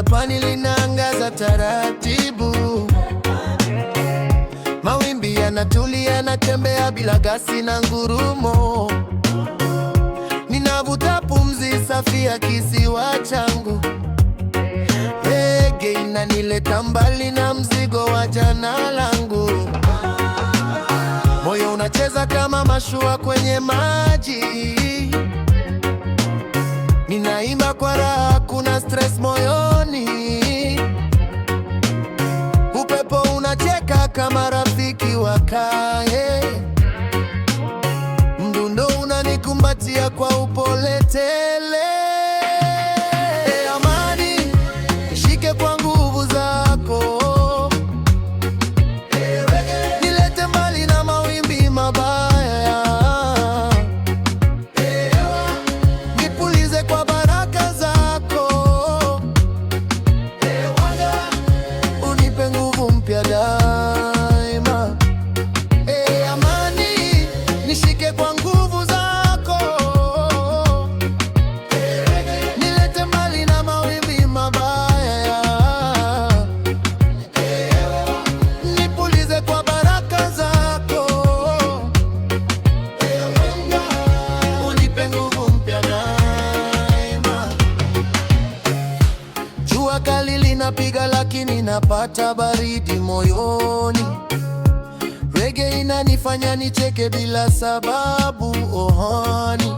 Japani linaangaza taratibu, mawimbi yanatulia, yanatembea bila gasi na ngurumo. Ninavuta pumzi safi ya kisiwa changu, reggae inanileta mbali na mzigo wa jana langu. Moyo unacheza kama mashua kwenye maji, ninaimba kwa raha una stress moyoni, upepo unacheka kama rafiki wa kai hata baridi moyoni. rege inanifanya nicheke bila sababu ohani.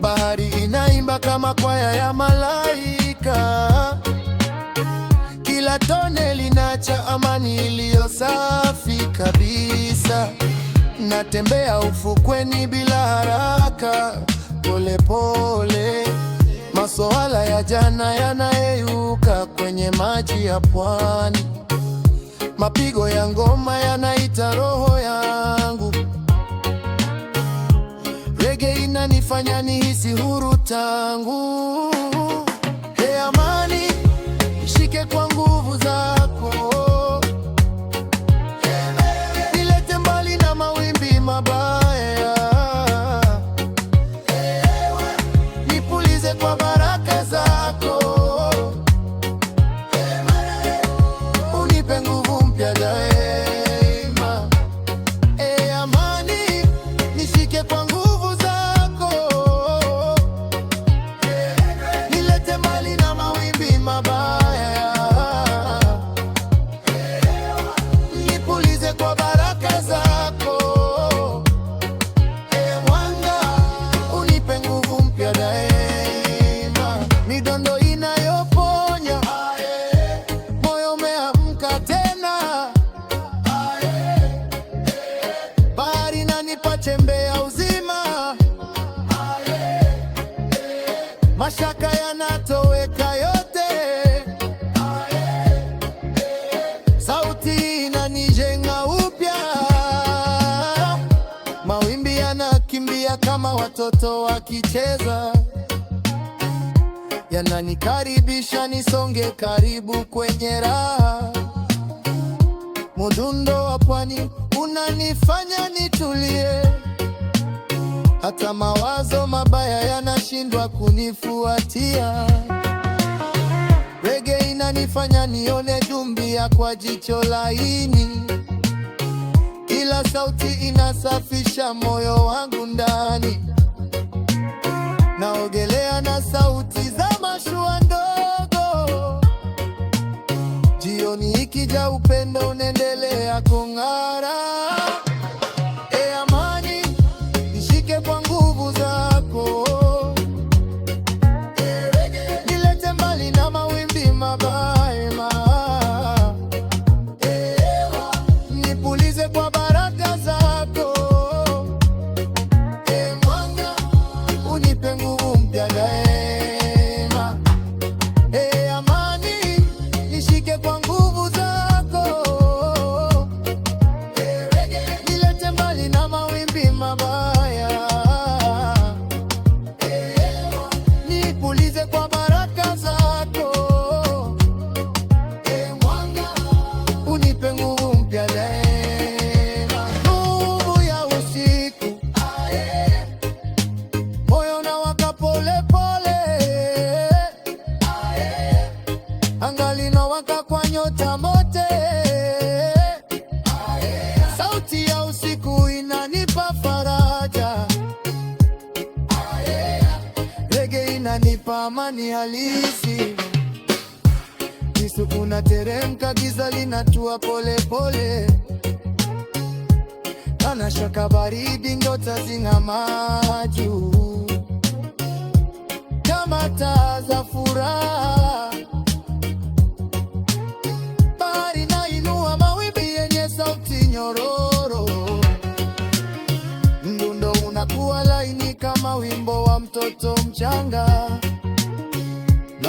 Bahari inaimba kama kwaya ya malaika, kila tone linacha amani iliyo safi kabisa. Natembea ufukweni bila haraka, polepole pole. Masuala ya jana yanayeyuka kwenye maji ya pwani, mapigo ya ngoma yanaita roho yangu, rege inanifanya nihisi huru tangu. Hey amani, shike kwa nguvu za kama watoto wakicheza, yananikaribisha nisonge karibu kwenye raha. Mudundo wa pwani unanifanya nitulie, hata mawazo mabaya yanashindwa kunifuatia. Rege inanifanya nione dumbia kwa jicho laini, kila sauti inasafisha moyo wangu ndani. upendo unaendelea kung'aa. amani halisi. kuna teremka giza linatua polepole, kana shaka baridi, ndota zing'aa juu kama taa za furaha. Bahari na inua mawimbi yenye sauti nyororo, mdundo unakuwa laini kama wimbo wa mtoto mchanga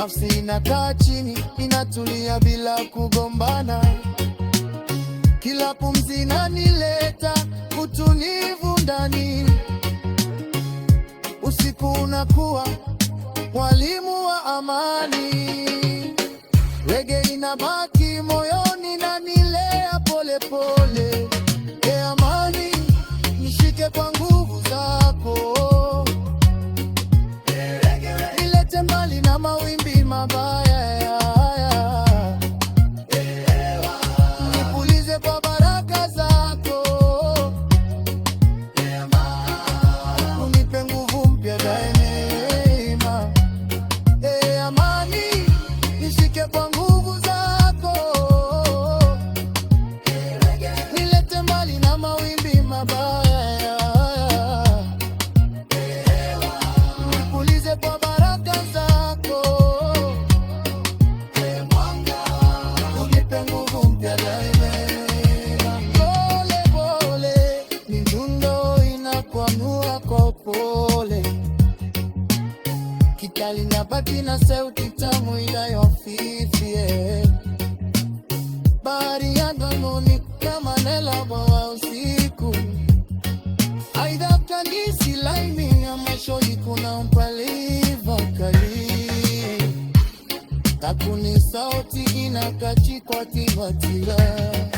nafsi inakaa chini, inatulia bila kugombana. Kila pumzi inanileta utulivu ndani. Usiku unakuwa mwalimu wa amani. Rege inabaki moyoni na nilea polepole yalinabaki na sauti tamu inayofifie bahari ya gomoni kama nelaba wa usiku aidha tandisi laini ya mashoji kuna mpaliva kali kakuni sauti inakachikwa tivatila